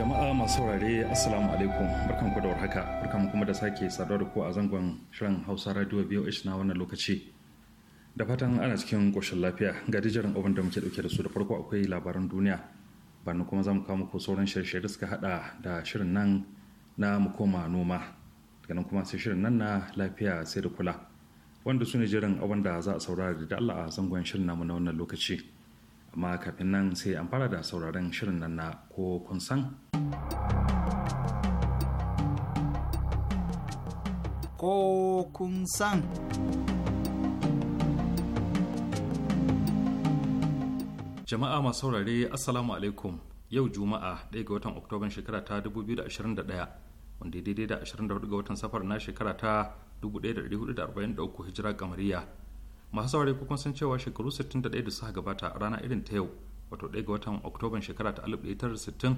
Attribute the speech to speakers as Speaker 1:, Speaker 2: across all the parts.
Speaker 1: jama'a masu saurare assalamu alaikum barkan ku da warhaka barkan kuma da sake saduwa da ku a zangon shirin hausa radio voh na wannan lokaci da fatan ana cikin ƙoshin lafiya ga dijirin abin da muke dauke da su da farko akwai labaran duniya bani kuma za mu kawo muku sauran shirye-shirye da suka hada da shirin nan na mu koma noma daga nan kuma sai shirin nan na lafiya sai da kula wanda su ne jiran abin da za a saurara da Allah a zangon shirin namu na wannan lokaci amma kafin nan sai an fara da sauraron shirin nan na ko kun san ko kun san. Jama'a masu saurare Assalamu alaikum yau Juma'a 1 ga watan Oktoban shekara ta 2021 wanda ya daidai da 24 ga watan safar na shekara ta 1443 hijira gamariya. Masu saurare kuma san cewa shekaru 61 da suka gabata a rana irin ta yau wato 1 ga watan Oktoban shekara ta 1960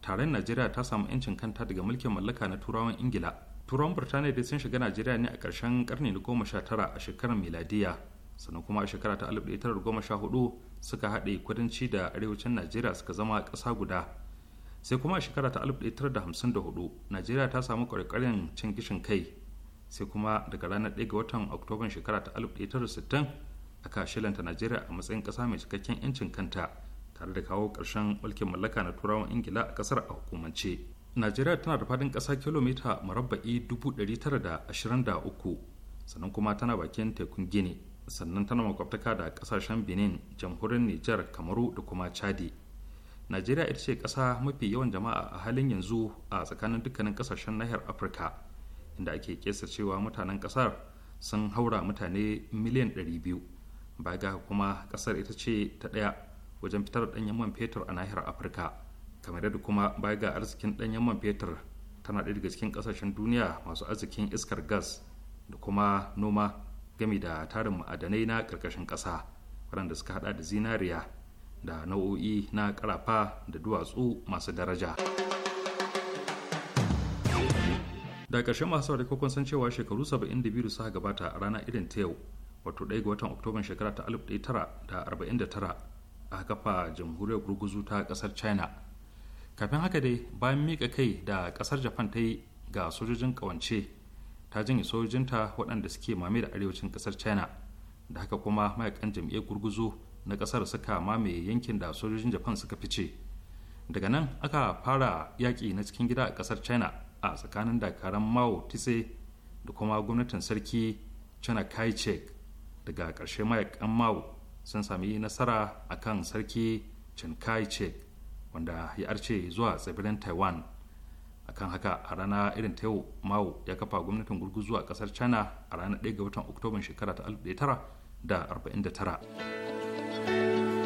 Speaker 1: tarayyar Najeriya ta samu 'yancin kanta daga mulkin mallaka na Turawan Ingila. turan burtaniya dai sun shiga najeriya ne a karshen karni na goma sha tara a shekarar miladiya sannan kuma a shekara ta alif ɗaya tara goma sha hudu suka haɗe kudanci da arewacin najeriya suka zama ƙasa guda sai kuma a shekara ta alif ɗaya tara da hamsin da hudu najeriya ta samu ƙwarƙwarin cin gishin kai sai kuma daga ranar ɗaya ga watan oktoban shekara ta alif ɗaya tara sittin aka shilanta najeriya a matsayin ƙasa mai cikakken 'yancin kanta tare da kawo ƙarshen mulkin mallaka na turawan ingila a ƙasar a hukumance najeriya tana da fadin ƙasa kilomita murabba'i 923 sannan kuma tana bakin tekun gini sannan tana makwabtaka da ƙasashen benin jamhuriyar nijar kamaru da kuma chadi najeriya ita ce ƙasa mafi yawan jama'a a halin yanzu a tsakanin dukkanin kasashen nahiyar afirka inda ake kesa cewa mutanen ƙasar sun haura mutane miliyan 200 baya ga kuma ƙasar ita ce ta ɗaya wajen fitar da ɗanyen man fetur a nahiyar afirka kamar yadda kuma baya ga arzikin ɗanyen man fetur tana ɗaya daga cikin ƙasashen duniya masu arzikin iskar gas da kuma noma gami da tarin ma'adanai na ƙarƙashin ƙasa waɗanda suka haɗa da zinariya da nau'o'i na ƙarafa da duwatsu masu daraja. da ƙarshe masu saurari kun san cewa shekaru 72 da suka gabata a rana irin ta yau wato ɗaya ga watan oktoban shekara ta 1949 a kafa jamhuriyar gurguzu ta ƙasar china kafin haka dai bayan mika kai da ƙasar japan ta yi ga sojojin kawance ta jinye sojojinta waɗanda suke mame da arewacin ƙasar china da haka kuma mayakan jam'iyyar gurguzu na ƙasar suka mamaye yankin da sojojin japan suka fice daga nan aka fara yaƙi na cikin gida a ƙasar china a tsakanin dakaran mao tise da kuma gwamnatin sarki china kai daga ƙarshe mayakan mao sun sami nasara akan sarki chen kai wanda ya arce zuwa tsibirin taiwan a kan haka a rana irin ta yau mao ya kafa gwamnatin gurguzu a kasar china a ranar 1 ga watan oktoban shekara ta 1949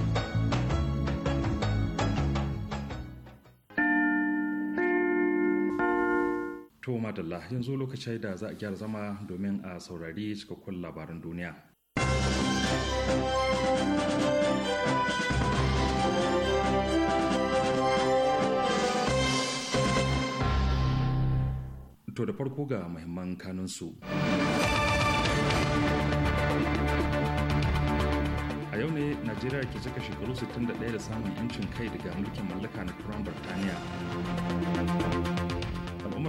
Speaker 1: To madalla yanzu lokacin da za a gyara zama domin a saurari cikakkun labaran duniya. To da farko ga muhimman kanunsu. A yau ne Najeriya ke cika shekaru 61 da samun 'yancin kai daga mulkin mallaka na Turan Birtaniya.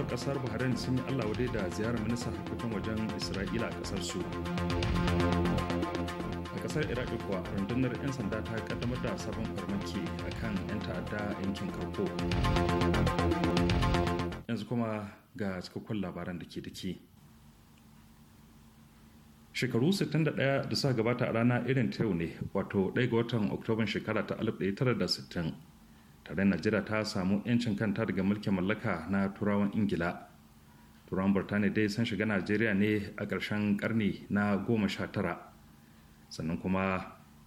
Speaker 1: al'ummar kasar bahrain sun yi allah wadai da ziyarar ministan harkokin wajen isra'ila a kasar su a kasar iraq kuwa rundunar 'yan sanda ta kaddamar da sabon farmaki a kan 'yan ta'adda a yankin karko yanzu kuma ga cikakkun labaran da ke dake shekaru 61 da suka gabata a rana irin ta yau ne wato 1 ga watan oktoban shekara ta 1960 tare najeriya ta samu 'yancin kanta daga mulkin mallaka na turawan ingila turawan burtaniya dai sun shiga najeriya ne a ƙarshen karni na goma sha tara sannan kuma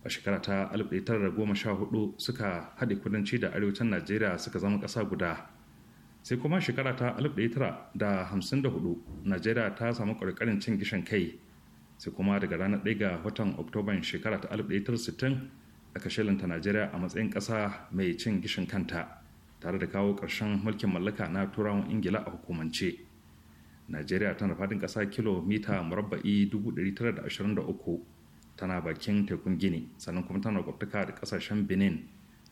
Speaker 1: a shekara ta goma sha hudu suka haɗe kudanci da arewacin najeriya suka zama ƙasa guda sai kuma shekara ta da hudu najeriya ta samu ƙarƙarin cin gishin kai sai kuma daga ranar ɗaya ga watan oktoban shekara ta aka shelanta najeriya a matsayin ƙasa mai cin gishin kanta tare da kawo ƙarshen mulkin mallaka na turawan ingila a hukumance najeriya tana fadin ƙasa kilomita murabba'i 923 tana bakin tekun gini sannan kuma tana kwaftuka da ƙasashen benin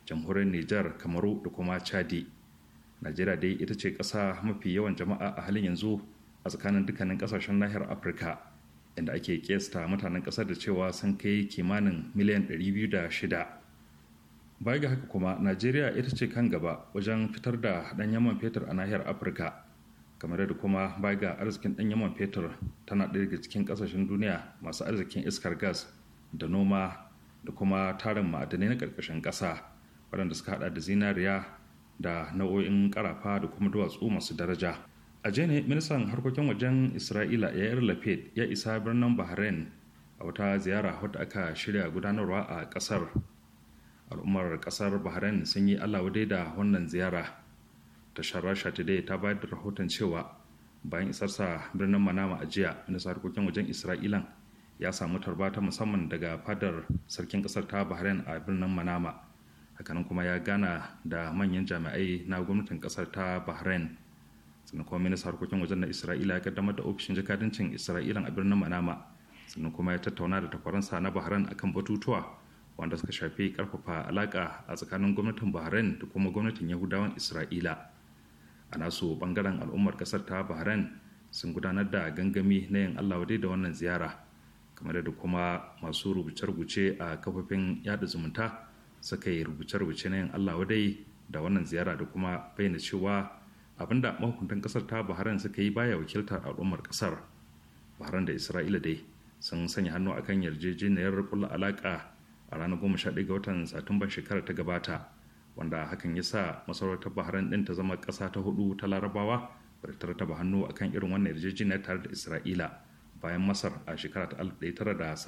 Speaker 1: jamhuriyar niger kamaru da kuma chadi najeriya dai ita ce ƙasa mafi yawan jama'a a halin yanzu a tsakanin dukkanin ƙasashen nahiyar afirka inda ake kesta mutanen ƙasar da cewa sun kai kimanin miliyan 206 baya ga haka kuma najeriya ita ce kan gaba wajen fitar da dan yaman fetur a nahiyar afirka kamar da kuma baya ga arzikin dan yaman fetur tana ɗaya daga cikin ƙasashen duniya masu arzikin iskar gas da noma da kuma tarin ma'adanai na ƙarƙashin ƙasa waɗanda suka haɗa da zinariya da nau'o'in ƙarafa da kuma duwatsu masu daraja a jiya ne ministan harkokin wajen isra'ila yair lapid ya isa birnin bahrain a wata ziyara wadda aka shirya gudanarwa a kasar al'ummar kasar bahrain sun yi alawade da wannan ziyara tashar rasha today ta bayar da rahoton cewa bayan isarsa birnin manama a jiya ministan harkokin wajen isra'ilan ya samu tarba ta musamman daga fadar sarkin kasar ta bahrain a birnin manama hakanan kuma ya gana da manyan jami'ai na gwamnatin kasar ta bahrain sannan kuma minista harkokin wajen na isra'ila ya kaddamar da ofishin jakadancin isra'ila a birnin manama sannan kuma ya tattauna da takwaransa na bahrain akan batutuwa wanda suka shafi karfafa alaka a tsakanin gwamnatin bahrain da kuma gwamnatin yahudawan isra'ila a nasu bangaren al'ummar kasar ta bahrain sun gudanar da gangami na yin allah wadai da wannan ziyara kamar da kuma masu rubuce-rubuce a kafofin yada zumunta suka yi rubuce-rubuce na yin allah wadai da wannan ziyara da kuma bayyana cewa abinda mahukuntan kasar ta bahrain suka yi baya wakiltar al'ummar kasar bahrain da isra'ila dai sun sanya hannu akan yarjejeniyar kula alaka a ranar goma sha ga watan satumban shekarar ta gabata wanda hakan ya sa masarautar bahrain din ta zama ƙasa ta hudu ta larabawa da ta rataba hannu akan irin wannan yarjejeniyar tare da isra'ila bayan masar a shekara ta 1979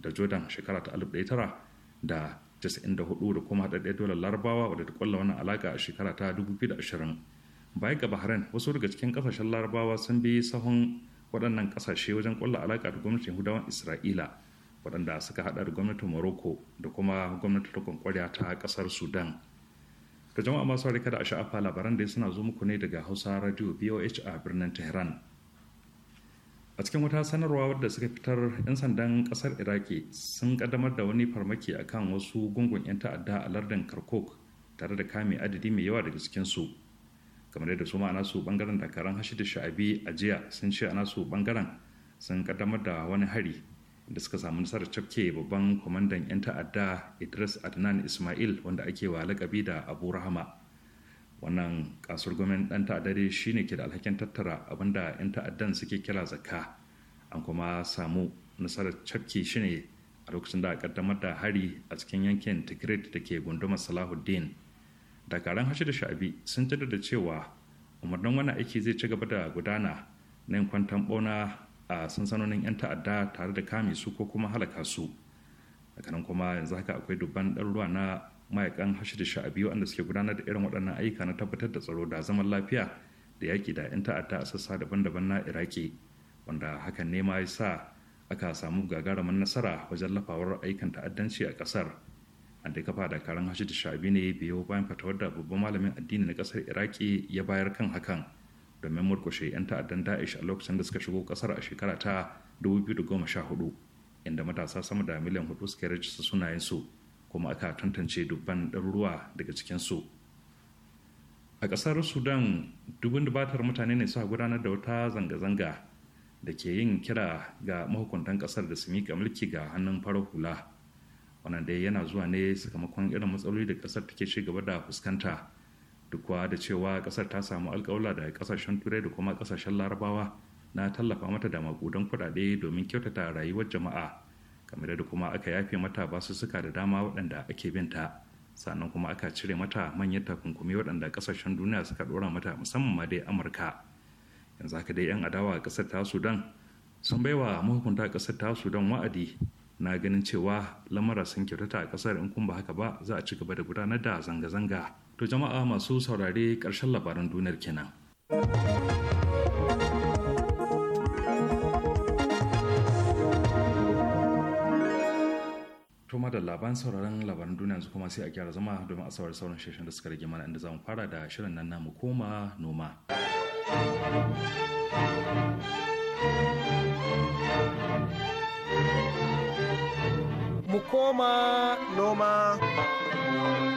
Speaker 1: da jordan shekara ta 1900 da 94 da kuma haɗaɗɗiyar dolar larabawa wadda ta kwallo wannan alaka a shekara ta 2020 baya ga bahrain wasu daga cikin kasashen larabawa sun bi sahun waɗannan kasashe wajen kwalla alaka da gwamnatin hudawan isra'ila waɗanda suka haɗa da gwamnatin morocco da kuma gwamnatin rikon kwarya ta kasar sudan da jama'a masu harika da sha'afa labaran da suna zo muku ne daga hausa radio boh a birnin tehran a cikin wata sanarwa wadda suka fitar 'yan sandan kasar iraki sun kaddamar da wani farmaki akan wasu gungun 'yan ta'adda a lardin kirkuk tare da kame adadi mai yawa daga cikinsu kamar yadda su ma'ana su bangaren dakaran da sha'abi a jiya sun ce ana su bangaren sun kaddamar da wani hari da suka samu nasarar cafke babban kwamandan 'yan ta'adda idris adnan ismail wanda ake wa lakabi da abu rahama wannan kasuwar gwamnan dan ta'adda shine ke da alhakin tattara abinda 'yan ta'addan suke kira zakka an kuma samu nasarar cafke shi ne a lokacin da a kaddamar da hari a cikin yankin tigray da ke gundumar salahuddin dakaran hashi da sha'abi sun da cewa umarnin wannan aiki zai ci gaba da gudana na kwantan bona a sansanonin 'yan ta'adda tare da kame su ko kuma halaka su hakanan kuma yanzu haka akwai dubban ɗan ruwa na mayakan da sha'abi wanda suke gudanar da irin waɗannan ayyuka na tabbatar da tsaro da zaman lafiya da yaƙi da 'yan ta'adda a sassa daban-daban na iraki wanda hakan ne ma ya sa aka samu gagarumin nasara wajen lafawar aikin ta'addanci a ƙasar an da kafa da karan da sha'abi ne biyo bayan fatawar da babban malamin addini na ƙasar iraki ya bayar kan hakan domin murkushe 'yan ta'addan da'ish a lokacin da suka shigo ƙasar a shekara ta 2014 inda matasa sama da miliyan hudu suka rajista su. kuma aka tantance dubban ɗaruruwa daga cikin su a ƙasar sudan dubin dubatar mutane ne suka gudanar da wata zanga-zanga da ke yin kira ga mahukuntan ƙasar da su miƙa mulki ga hannun farar hula wannan dai yana zuwa ne sakamakon irin matsaloli da ƙasar take ci gaba da fuskanta duk da cewa ƙasar ta samu alƙawla da ƙasashen turai da kuma ƙasashen larabawa na tallafa mata da maƙudan kuɗaɗe domin kyautata rayuwar jama'a kamar da kuma aka yafe mata basu suka da dama waɗanda ake binta sannan kuma aka cire mata manyan takunkumi waɗanda ƙasashen duniya suka ɗora mata musamman ma dai amurka yanzu haka dai 'yan adawa a ƙasar ta sudan sun bai wa mahukunta ƙasar ta sudan wa'adi na ganin cewa lamara sun kyautata a ƙasar in kun ba haka ba za a ci gaba da gudanar da zanga-zanga to jama'a masu saurare ƙarshen labaran duniyar kenan. kuma da labaran sauraron labaran duniya yanzu kuma sai a kyara zama domin a saurari sauran shirin da suka rage mana inda zamu fara da shirin nan namu koma noma.
Speaker 2: Mu koma noma.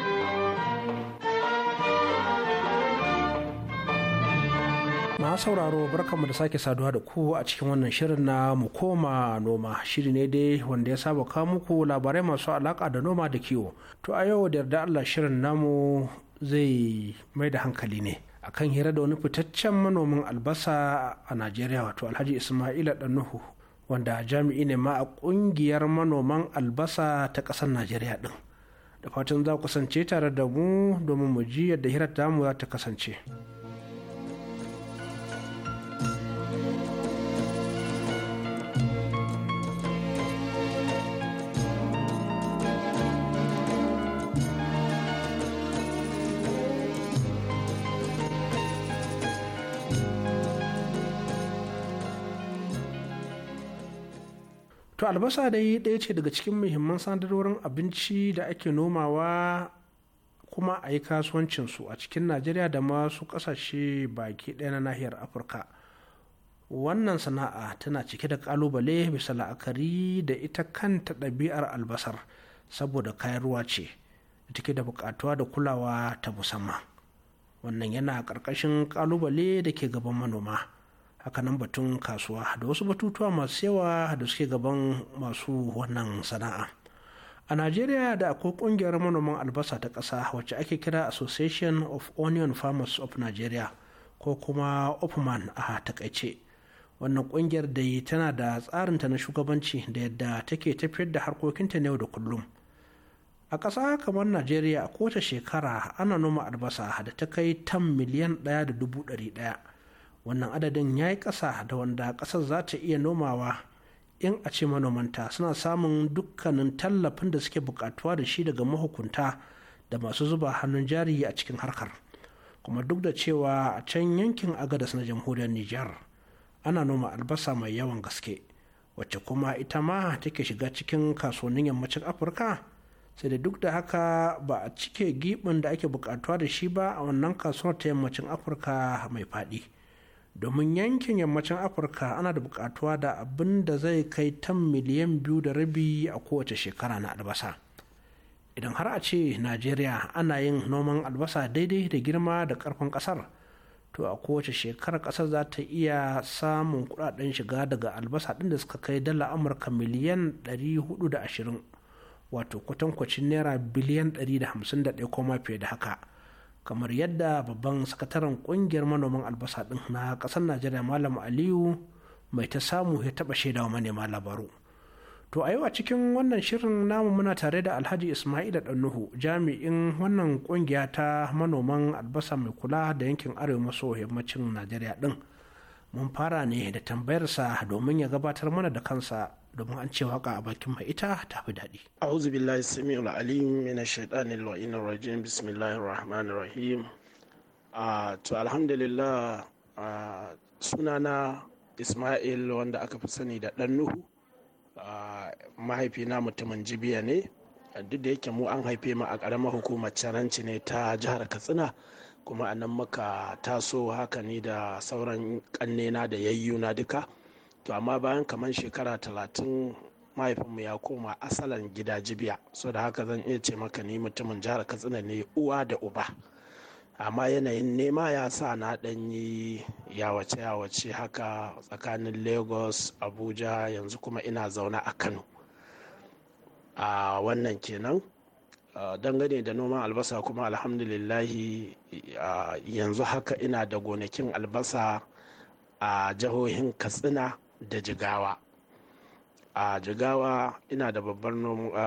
Speaker 3: sauraro barkanmu da sake saduwa da ku a cikin wannan shirin na mu koma noma shiri ne dai wanda ya saba kawo muku labarai masu alaka da noma da kiwo to a yau da yarda Allah shirin namu zai mai da hankali ne akan hira da wani fitaccen manomin albasa a Najeriya wato Alhaji Ismaila nuhu wanda jami'i ne ma a kungiyar manoman albasa ta kasar Najeriya din da fatan za ku kasance tare da mu domin mu ji yadda hirar tamu za ta kasance. albasa dai ɗaya ce daga cikin muhimman sadarorin abinci da ake nomawa kuma a yi kasuwancinsu a cikin najeriya da masu ƙasashe baki ɗaya na nahiyar afirka wannan sana'a tana cike da ƙalubale bisa la'akari da ita kanta ɗabi'ar albasar saboda kayan ruwa ce da take da buƙatuwa da kulawa ta musamman wannan yana ƙarƙashin ƙalubale da ke gaban manoma. hakanan batun kasuwa da wasu batutuwa masu yawa da suke gaban masu wannan sana'a a najeriya da akwai kungiyar manoman albasa ta ƙasa wacce ake kira association of onion farmers of nigeria ko kuma opman a takaice wannan kungiyar da yi tana da tsarinta na shugabanci da yadda take tafiyar da harkokinta na yau da kullum a ƙasa kamar najeriya a kowace shekara ana noma albasa da ta kai tan miliyan ɗaya da dubu ɗari ɗaya wannan adadin ya yi ƙasa da wanda ƙasar za ta iya nomawa in a ce manomanta suna samun dukkanin tallafin da suke buƙatuwa da shi daga mahukunta da masu zuba hannun jari a cikin harkar kuma duk da cewa a can yankin agadas na jamhuriyar nijar ana noma albasa mai yawan gaske wacce kuma ita ma take shiga cikin kasuwannin yammacin afirka sai da duk da haka ba a cike gibin da ake bukatuwa da shi ba a wannan kasuwar ta yammacin afirka mai faɗi. domin yankin yammacin afirka ana da bukatuwa da abin da zai kai tan miliyan biyu da rabi a kowace shekara na albasa idan har a ce najeriya ana yin noman albasa daidai da girma da karfin kasar to a kowace shekarar kasar za ta iya samun kudaden shiga daga albasa din da suka kai dala amurka miliyan 420 wato kwatankwacin naira biliyan 151 koma fiye da haka kamar yadda babban sakataren kungiyar manoman albasa din na kasar najeriya malam aliyu mai ta samu ya taba shaida wa manema labaru to a yau a cikin wannan shirin namu muna tare da alhaji ismaila ɗannuhu jami'in wannan kungiya ta manoman albasa mai kula da yankin arewa maso yammacin najeriya din mun fara ne da tambayarsa domin ya gabatar mana da kansa domin an ce waka a bakin mai ita ta fi daɗi.
Speaker 2: A'udhu billahi samiul alim min ash-shaytanir la'inir rajim bismillahir rahmanir rahim. Ah, to alhamdulillah ah, sunana Ismail wanda aka fi sani da ɗan Nuhu. Ah, mahaifina mutumin jibiya ne duk da yake mu an haife mu a ƙaramar hukumar caranci ne ta jihar Katsina. kuma a nan muka taso haka ni da sauran kannena da yayyuna duka to amma bayan kamar shekara talatin mahaifinmu ya koma asalin gida jibiya so da haka zan iya ce maka ni mutumin jihar katsina ne uwa da uba amma yanayin nema ya sa na ɗan yi yawace yawace haka tsakanin lagos abuja yanzu kuma ina zaune a kano a wannan kenan dangane da noman albasa kuma alhamdulillahi yanzu haka ina da gonakin albasa a jihohin katsina da jigawa a jigawa ina da babbar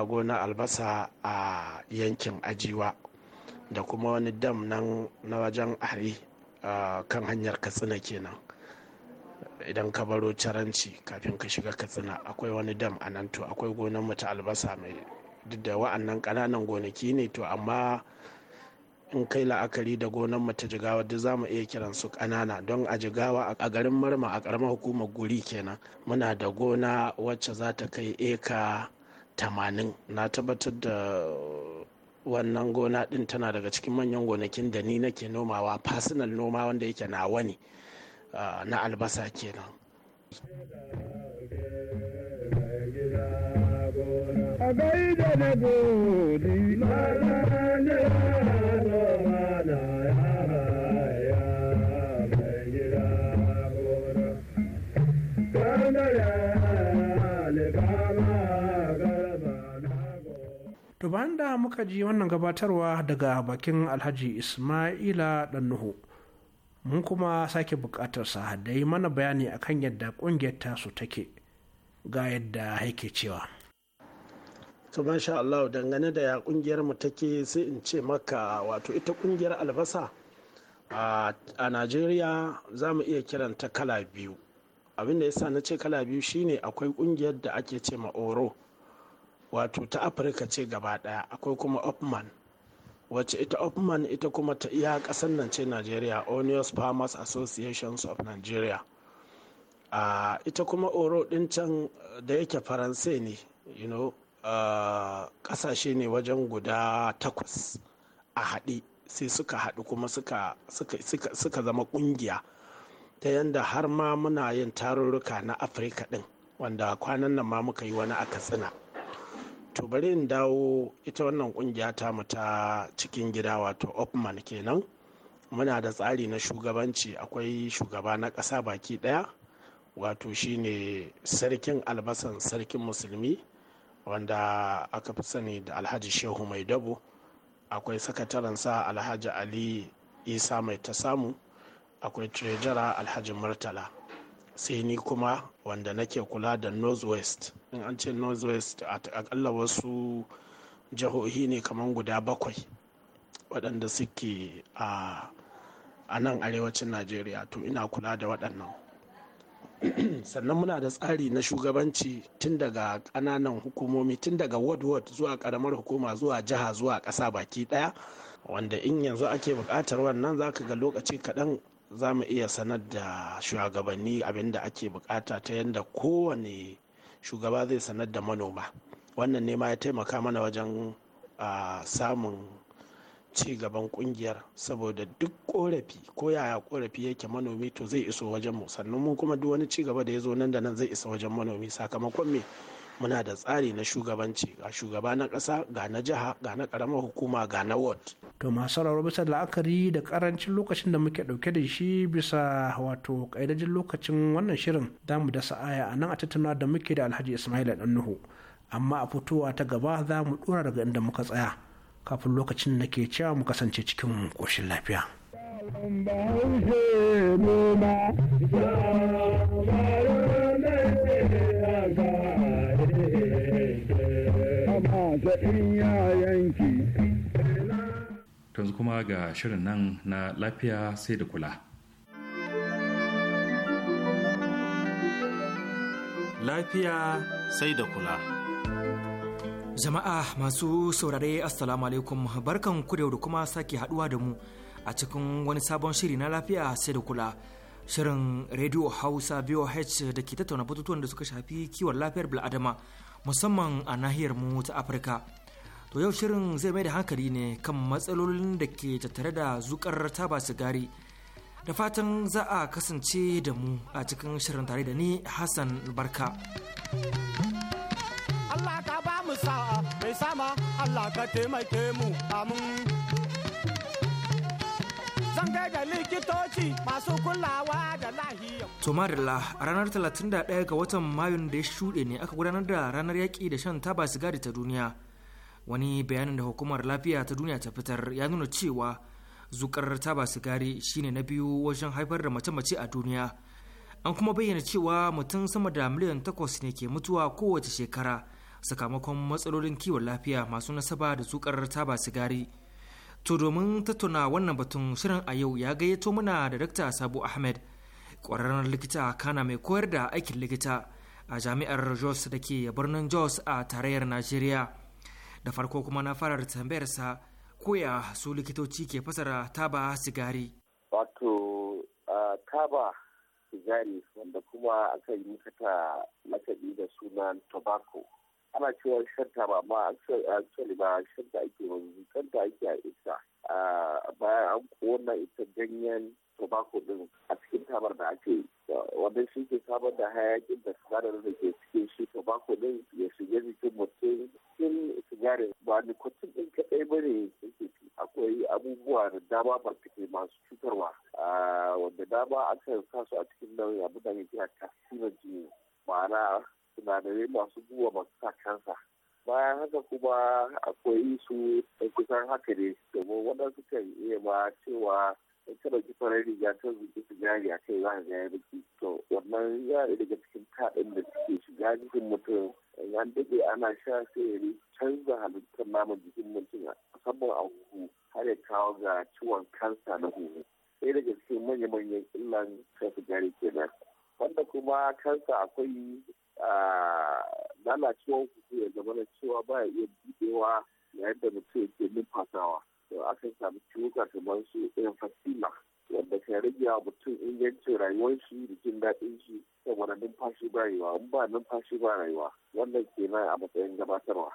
Speaker 2: gona albasa a yankin ajiwa da kuma wani dam nan na wajen ari kan hanyar katsina kenan idan ka baro caranci kafin ka shiga katsina akwai wani dam a nan to akwai gonar mu albasa mai da wa'annan ƙananan gonaki ne to amma in kai la'akari da gonan mata jigawa duk za mu iya kiran su ƙanana don a jigawa a garin marma a ƙaramar hukumar guri kenan muna da gona wacce za ta kai eka tamanin na tabbatar da wannan gona ɗin tana daga cikin manyan gonakin da ni nake nomawa fasinal noma wanda yake nawa ne ah, na albasa kenan
Speaker 3: a na bayan da muka ji wannan gabatarwa daga bakin Alhaji Ismaila nuhu mun kuma sake bukatarsa da yi mana bayani akan yadda kungiyar tasu take ga yadda yake cewa.
Speaker 2: to sha Allah dangane da ya kungiyar mu take sai in ce maka wato ita kungiyar albasa a Najeriya za mu iya kiranta kala biyu abin da yasa na ce kala biyu shine akwai kungiyar da ake ce ma oro wato ta afirka ce gaba daya akwai kuma opman wace ita opman ita kuma ta iya kasan nan ce Najeriya onius farmers associations of nigeria uh, ita kuma oro din can da yake faransai ne you know Eh, ƙasashe ne wajen guda takwas a haɗe sai suka haɗu kuma suka zama ƙungiya ta yadda har ma muna yin tarurruka na afirka ɗin wanda kwanan nan ma muka yi wani a katsina to bari in dawo ita wannan ƙungiya ta mu ta cikin gida wato opman kenan muna da tsari na shugabanci akwai shugaba na ƙasa baki ɗaya wato shine sarkin albasan sarkin musulmi wanda aka fi sani da alhaji shehu mai dabo akwai sakatarensa alhaji ali isa mai ta samu akwai trejara alhaji murtala sai ni kuma wanda nake kula da northwest in an ce northwest a akalla wasu jihohi ne kamar guda bakwai waɗanda suke ah, a nan arewacin najeriya to ina kula da waɗannan sannan muna da tsari na shugabanci tun daga ƙananan hukumomi tun daga ward ward zuwa ƙaramar hukuma zuwa jiha zuwa ƙasa baki ɗaya wanda in yanzu ake buƙatar wannan za ka ga lokaci kaɗan za mu iya sanar da shugabanni abin da ake buƙata ta yadda kowane shugaba zai sanar da manoma wannan ne ma ya taimaka mana wajen ah, samun ci gaban kungiyar saboda duk korafi ko yaya korafi yake manomi to zai iso wajen mu sannan mu kuma duk wani ci gaba da ya zo nan da nan zai isa wajen manomi sakamakon me muna da tsari na shugabanci ga shugaba na ƙasa ga na jiha ga na ƙaramar hukuma ga na ward.
Speaker 3: to masu rarrabu bisa la'akari da karancin lokacin da muke ɗauke da shi bisa wato ƙaidajin lokacin wannan shirin za mu dasa aya a nan a tattauna da muke da alhaji ismaila ɗan nuhu amma a fitowa ta gaba za mu ɗora daga inda muka tsaya. kafin lokacin da ke cewa mu kasance cikin koshin lafiya.
Speaker 1: yanzu kuma ga shirin nan na lafiya sai da kula.
Speaker 4: Lafiya sai da kula. Jama'a masu saurare Assalamu alaikum barkan ku da kuma sake haduwa da mu a cikin wani sabon shiri na lafiya sai da kula. Shirin Radio Hausa BOH da ke tattauna batutuwan da suka shafi kiwon lafiyar bil'adama musamman a nahiyar mu ta Afirka. To yau shirin zai mai da hankali ne kan matsalolin da ke tattare da zukar taba sigari. Da fatan za a kasance da mu a cikin shirin tare da ni Hassan Barka.
Speaker 2: Allah ka ba mu sa'a mai sama Allah ka taimake mu amin zan da likitoci
Speaker 5: masu kulawa da lahiya.
Speaker 4: To Marilla, a ranar 31 ga watan Mayun da ya shuɗe ne aka gudanar da ranar yaƙi da shan taba sigari ta duniya. Wani bayanin da hukumar lafiya ta duniya ta fitar ya nuna cewa zukar taba sigari shine na biyu wajen haifar da mace-mace a duniya. An kuma bayyana cewa mutum sama da miliyan takwas ne ke mutuwa kowace shekara sakamakon matsalolin kiwon lafiya masu nasaba da zukar taba sigari to domin tattauna wannan batun shirin a yau ya gayyato mana da dakta sabu ahmed ƙwararren likita kana mai koyar da aikin likita a jami'ar jos da ke birnin jos a tarayyar najeriya da farko kuma na fara da tambayarsa koya su likitoci ke fasara taba sigari
Speaker 5: wato taba sigari wanda kuma aka yi mata lakabi da sunan tobacco ana cewa shanta ba ma actually ba shanta ake wani shanta ake a ita bayan an kowanne ita ganyen tobacco din a cikin tabar da ake wannan shi ke samar da hayakin da sinadarin da ke cikin shi tobacco din ya shige jikin mutum cikin sigarin ba nikotin din kaɗai ba ne akwai abubuwa da dama ba take masu cutarwa wanda dama akan sa su a cikin nauyin abu da ya kira carcinogen ma'ana sinadarai masu guba masu sa kansa bayan haka kuma akwai su kusan haka ne domin waɗansu kan iya ba cewa in ka ɗauki farar riga ta su jari a kai za ka ga ya baki to wannan ya yi daga cikin taɗin da suke shiga jikin mutum an daɗe ana sha sai ya canza halittar naman jikin mutum musamman a huhu har ya kawo ga ciwon kansa na huhu sai daga cikin manya-manyan illan shan ke kenan wanda kuma kansa akwai lalacewar kuku ya zama na cewa ya iya buɗewa yayin da mutum yake numfasawa to akan samu ciwuka kamar su fasima wanda kan rage wa mutum ingancin rayuwar shi da jin daɗin shi saboda numfashi ba rayuwa in ba numfashi ba rayuwa wannan na a matsayin gabatarwa.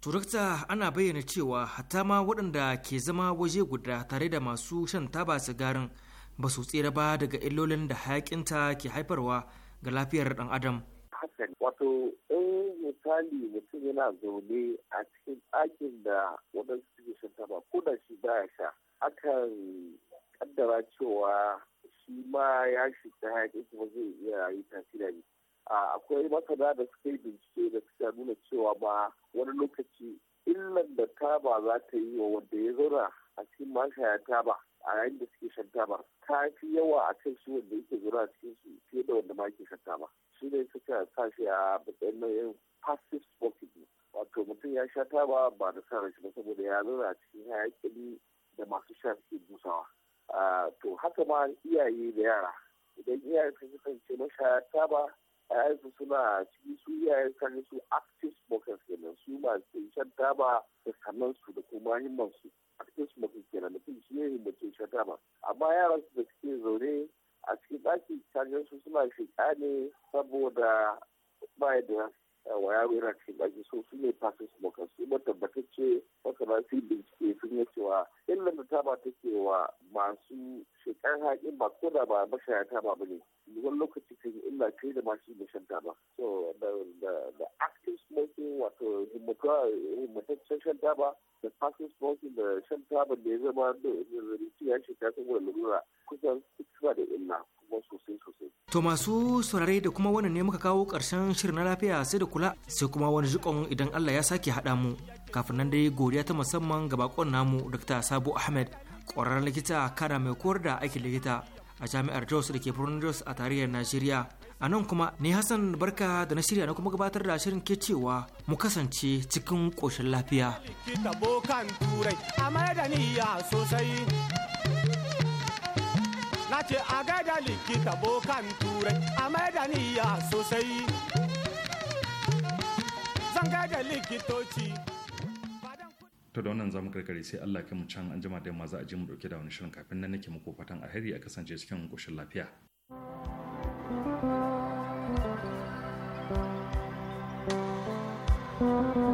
Speaker 4: turakta ana bayyana cewa hatta ma waɗanda ke zama waje guda tare da masu shan taba sigarin ba su tsira ba daga illolin da hayakinta ke haifarwa ga lafiyar ɗan adam
Speaker 5: hasari wato in misali mutum yana zaune a cikin ɗakin da waɗansu suke shan taba ko da shi baya sha akan kaddara cewa shi ma ya shiga hayaƙin kuma zai iya yi tasiri ne akwai masana da suka yi bincike da suka nuna cewa ba wani lokaci illan da taba za ta yi wa wanda ya zauna a cikin mashaya taba a yayin da suke shan taba ta fi yawa a kan shi wanda yake zura a cikin su fiye da wanda ma yake shan taba. su ne suka sa shi a matsayin nau'in passive smoking wato mutum ya sha taba ba da sa rashi ba saboda ya zauna a cikin hayakin da masu sha suke busawa to haka ma iyaye da yara idan iyaye sun kasance mashaya taba yayansu suna cikin su iyaye kan su active smokers kenan su masu shan taba da sannan su da kuma himmansu active smokers kenan mutum shi ne himmace shan taba amma yaran su da suke zaune a cikin ɗaki kaga su suna shiga ne saboda ba da wa yaro yana cikin ɗaki so su ne fasin smoker su ba tabbatacce masana su bincike sun yi cewa illan da ta take wa masu shekar haƙin ba ko da ba mashaya ta ba ne wani lokaci kan illa kai da masu da shan ba so da active smoking wato himmataccen shan ba da fasin smoking da shan ba da ya zama da ya shekara saboda lura kusan suna da
Speaker 4: To masu saurare da kuma wannan ne muka kawo ƙarshen shirin na lafiya sai da kula sai kuma wani jikon idan Allah ya sake haɗa mu. Kafin nan dai godiya ta musamman ga bakon namu Dr. Sabo Ahmed, ƙwararren likita kara mai kowar da aikin likita a jami'ar Jos da ke birnin Jos a tarihin Najeriya. A nan kuma ni Hassan Barka da na shirya na kuma gabatar da shirin ke cewa mu kasance cikin koshin lafiya.
Speaker 2: bokan sosai. ce a gaida likita bokan turai a maida sosai zan gaida likitoci
Speaker 1: to da wannan zamu karkare sai Allah kai mu can an jima da maza za a ji mu dauke da wani shirin kafin nan nake muku fatan alheri a kasance cikin koshin lafiya
Speaker 2: thank you